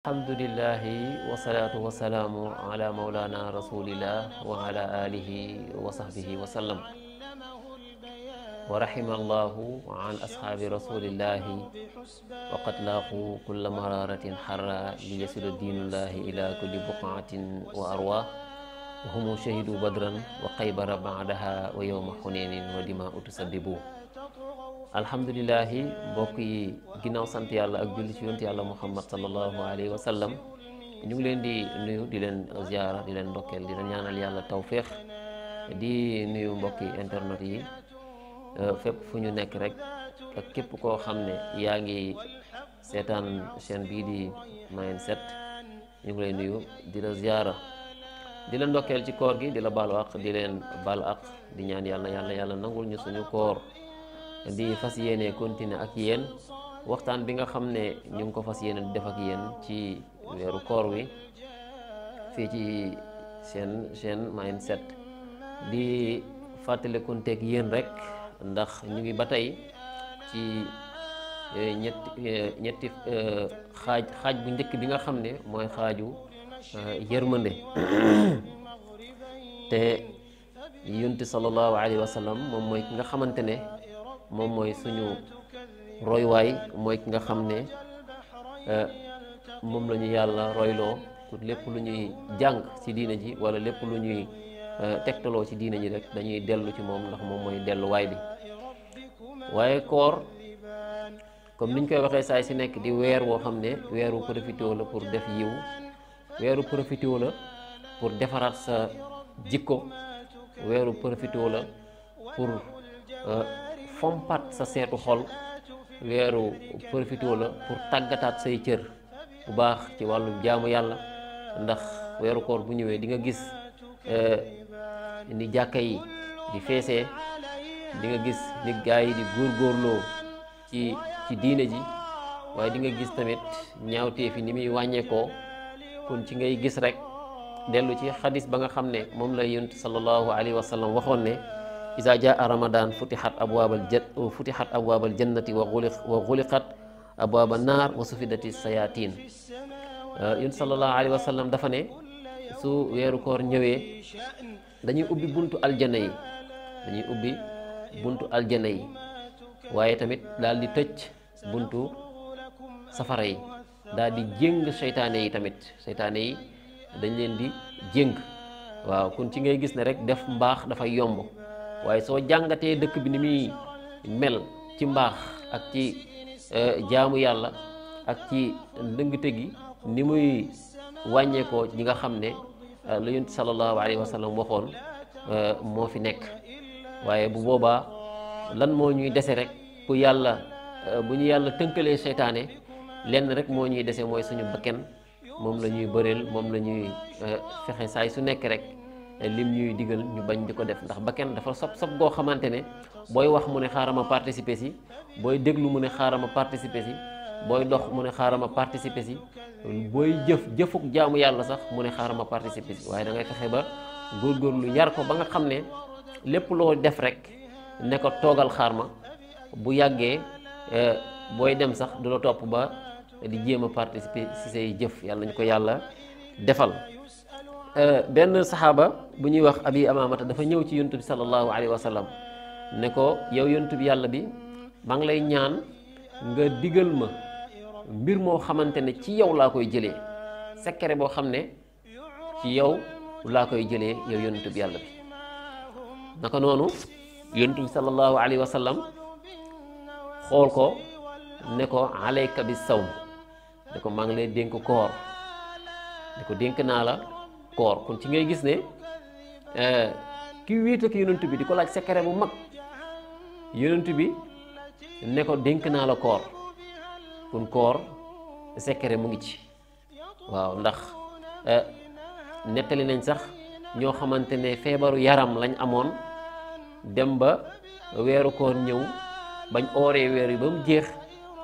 الحمد لله والصلاة والسلام على مولانا رسول الله وعلى آله وصحبه وسلم ورحم الله عن أصحاب رسول الله وقد لاقوا كل مرارة حرة ليصل دين الله إلى كل بقعة وأرواح وهم شهدوا بدرا وقيبر بعدها ويوم حنين ودماء تسببوه alhamdulilahi mbokk yi santi sant yàlla ak julli ci muhammad sallallahu alaihi wasallam. sallam ñu ngi leen di nuyu di leen ziara di leen ndokkeel di leen ñaanal yàlla tawféex di nuyu mbokki internet yi euh, fépp fu ñu nekk rek ak képp koo xam ne yaa ngi seetaan di Mayenne 7 ñu ngi nuyu di la ziarah di la ndokkeel ci koor gi di la baalu di leen baalu àq di ñaan yàlla yàlla yàlla nangul ñu suñu koor di fas yéene continuer ak yéen waxtaan bi nga xam ne ñu ngi ko fas yéene def ak yéen ci weeru koor wi fii ci seen seen chaîne set di fàttalikunteeg yéen rek ndax ñu ngi ba tey ci eh, ñetti eh, ñetti eh, xaaj xaaj bu njëkk bi nga xam ne mooy xaaju yërmande te yunti sallallahu alayhi wa sallam moom mooy ki nga xamante ne moom mooy suñu roywaay mooy ki nga xam ne euh, moom la ñu yàlla royloo pour lépp lu ñuy jàng ci diina ji wala lépp lu ñuy euh, tegtaloo ci diina ji rek dañuy dellu ci moom ndax moom mooy delluwaay bi waaye koor comme niñ koy waxee saay si nekk di weer woo xam ne weeru profité la pour def yiw weeru profité la pour defaraat sa jikko weeru profité la pour euh, fompat sa seetu xol weeru profitoo la pour tàggataat say cër bu baax ci wàllum jaamu yàlla ndax weeru koor bu di nga gis eh, ni jàkka di feesee di nga gis ni gaa di góorgóorloo ci ci diine ji waaye di nga gis tamit ñaawteef yi ni muy wàññeekoo kon ci ngay gis rek delu ci xadis ba nga xam ne la yonent sallallahu iza jaa ramadan futihat abwaabal jen futihat abwaabal jannati wa xuliq wa xuliqat abwaaba naar wa sufidati sayatin yun sallallahu alayhi wa sallam dafa ne su weeru koor ñëwee dañuy ubi buntu aljana yi dañuy ubi buntu aljana yi waaye tamit daal di tëj buntu safara yi daal di jéng seytaane yi tamit seytaane yi dañ leen di jéng waaw kon ci ngay gis ne def mbaax dafay yomb waaye soo jàngatee dëkk bi ni muy mel ci mbaax ak ci eh, jaamu yàlla ak ci ndëngte gi ni muy wàññeekoo ñi nga xam ne eh, lu yonent sallallahu alayhi wa sallam waxoon eh, moo fi nekk waaye bu boobaa lan moo ñuy dese rek pour yàlla bu ñu yàlla tënkalee seytaane lenn rek moo ñuy dese mooy suñu bakken moom la ñuy bëreel moom la ñuy fexe saay su nekk rek lim ñuy digal ñu bañ di ko def ndax bakken dafa sob sob goo xamante ne booy wax mu ne xaaral xaarama participer si booy déglu mu ne xaarama participer si booy dox mu ne xaarama participer si booy jëf jëfuk jaamu yàlla sax mu ne xaarama participer si waaye da ngay fexe ba góorgóorlu yar ko ba nga xam ne lépp loo def rek ne ko toogal xaar ma bu yàggee eh, booy dem sax du la topp ba di jéem a participer si say jëf yàlla ñu ko yàlla defal Euh, benn saxaaba bu ñuy wax abi amaamata dafa ñëw ci yontu bi sallallahu alayhi wa ne ko yow yontu yàlla bi maa ngi lay ñaan nga digal ma mbir moo xamante ne ci yow laa koy jëlee secret boo xam ne ci yow laa koy jëlee yow yontu yàlla bi naka noonu yontu bi sallallahu alayhi wa xool ko ne ko alayka bi sawm ne ko maa ngi lay dénk koor ne ko dénk naa la koor kon ci ngay gis ne eh, ki wéet ak yonent bi di ko laaj secret bu mag yonent bi ne ko dénk naa la koor kon koor secret mu ngi ci waaw ndax eh, nettali nañ sax ñoo xamante ne feebaru yaram lañ amoon dem ba weeru koor ñëw bañ ooree weer yi ba mu jeex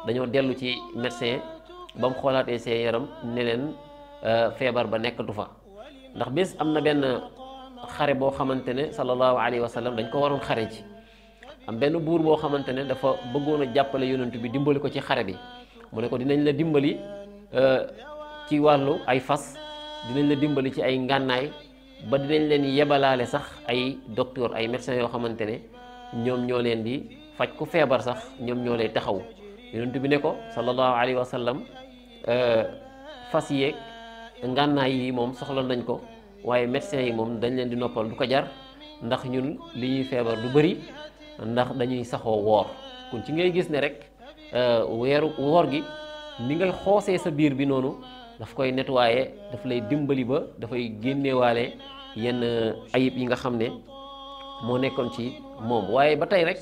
dañoo dellu ci médecin ba mu xoolaatee seen yaram ne leen eh, feebar ba nekkatu fa ndax bés amna ben xare bo xamantene sallallahu alayhi wa sallam dañ ko waron xare ci am ben bour bo xamantene dafa bëggoon jàppale yonentou bi dimbali ko ci xare bi mu ne ko dinañ la dimbali euh ci walu ay fas dinañ la dimbali ci ay ngànnaay ba dinañ len yebalalé sax ay docteur ay médecin yo xamantene ñom ñoom ñoo leen di faj ku febar sax ñom ñoo lay taxaw yonentou bi ne ko sallallahu alayhi wa sallam fas yeeg ngànnaay yi moom soxla nañ ko waaye médecin yi moom dañ leen di noppal du ko jar ndax ñun li ñuy feebar du bari ndax dañuy saxoo woor kon ci ngay gis ne rek euh, weeru woor gi ni ngay xoosee sa biir bi noonu daf koy nettoyer daf lay dimbali ba dafay génnewaale yenn euh, ayib yi nga xam ne moo nekkoon ci moom waaye ba tey rek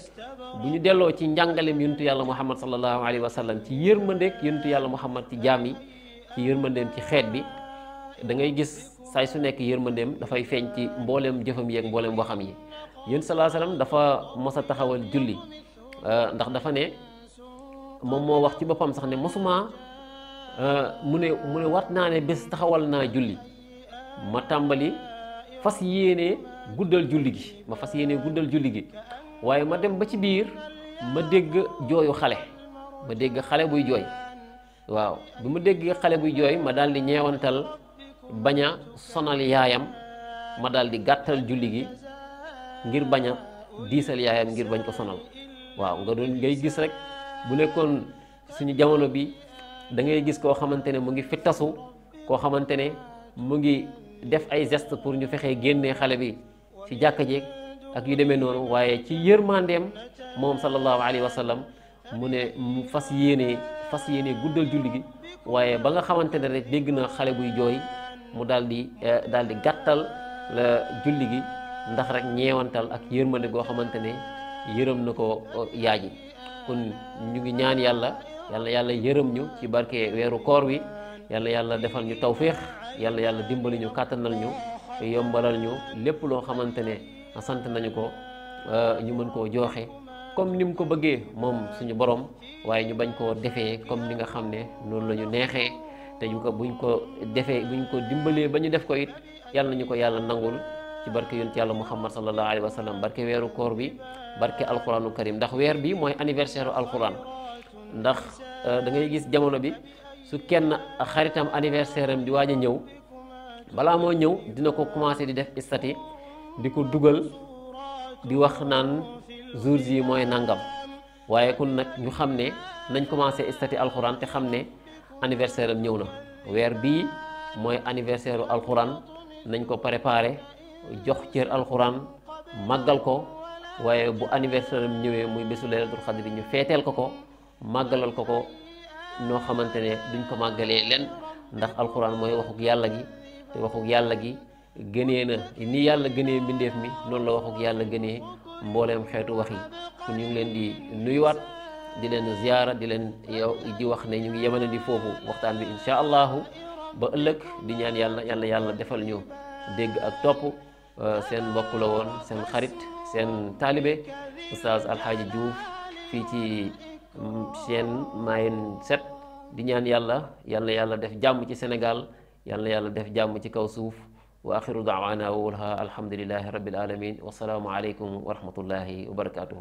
bu ñu delloo ci njàngaleem yonentu yàlla muhammad sallallahu alayhi wa sallam ci yërmandeek yonentu yàlla muhammad ci jaam yi ci yërmandeem ci xeet bi dangay gis saay su nekk yërmandeem dafay feeñ ci mbooleem jëfam yeeg mbooleem waxam yi yéen salaa salaam dafa mos a taxawal julli euh, ndax dafa ne moom moo wax ci boppam sax ne mosuma euh, mu ne mu ne wat naa ne bés taxawal naa julli ma tàmbali fas yéene guddal julli gi ma fas yéene guddal julli gi waaye ma dem ba ci biir ma dégg jooyu xale ma dégg xale buy jooy waaw bi ma xale buy jooy ma daal di ñeewantal bañ sonal yaayam ma daal di gàttal julli gi ngir bañ a diisal yaayam ngir bañ ko sonal waaw nga doon ngay gis rek bu nekkoon suñu jamono bi dangay gis koo xamante ne mu ngi fi tasu koo xamante ne mu ngi def ay geste pour ñu fexee génnee xale bi ci jàkka jeeg ak yu demee noonu waaye ci yërmandeem moom sallallahu alayhi wa mu ne fas yéenee fas yéenee guddal julli gi waaye ba nga xamante rek dégg na xale buy jooy mu daal di eh, daal di gàttal la julli gi ndax rek ñewantal ak yërmande goo xamante ne yërëm na ko eh, ji kon ñu ngi ñaan yàlla yàlla yàlla yërëm ñu ci barke weeru koor wi yàlla yàlla defal ñu tawféex yàlla yàlla dimbali ñu kàttanal ñu yombalal ñu lépp loo xamante ne sant nañu ko eh, ñu mën koo jooxe comme ni mu ko bëggee moom suñu borom waaye ñu bañ koo defee comme ni nga xam ne noonu la ñu neexee te ñu ko buñ ko defee buñ ko dimbalee ba ñu def ko it yàlla nañu ko yàlla nangul ci barke yonent yàlla muhammad sallallahu alayhi wa sallam barke weeru koor bi barke alquranu karim ndax weer bi mooy anniversaire alquran ndax euh, da ngay gis jamono bi su kenn xaritam anniversaire am di waaj ñëw balaa moo ñëw dina ko commencé di def istati di ko dugal di wax naan jours yi mooy nangam waaye kun nag ñu xam ne nañ commencé istati alquran te xam ne anniversaire am ñëw na weer bii mooy anniversaire u alxuraan nañ ko préparé jox cër alxuraan màggal ko waaye bu anniversaire ñëwee muy bésu laylatul bi ñu feeteel ko ko màggalal ko ko noo xamante ne duñ ko màggalee leen ndax alxuraan mooy waxuk yàlla gi te waxuk yàlla gi gënee na ni yàlla gënee mbindeef mi noonu la waxuk yàlla gënee mbooleem xeetu wax yi ñu leen di nuyuwaat di leen ziyaara di leen yow di wax ne ñu ngi yemale di foofu waxtaan bi incha allahu ba ëllëg di ñaan yàlla yàlla yàlla defal ñu dégg ak topp euh, seen mbokk woon seen xarit seen taalibe oustaz Alhaaji Diouf fii ci seen Mayenne 7 di ñaan yàlla yàlla yàlla def jàmm ci senegal yàlla yàlla def jàmm ci kaw suuf wa axiru daawaana wa alhamdulillahi rabbil alamin wa salaamu aleykum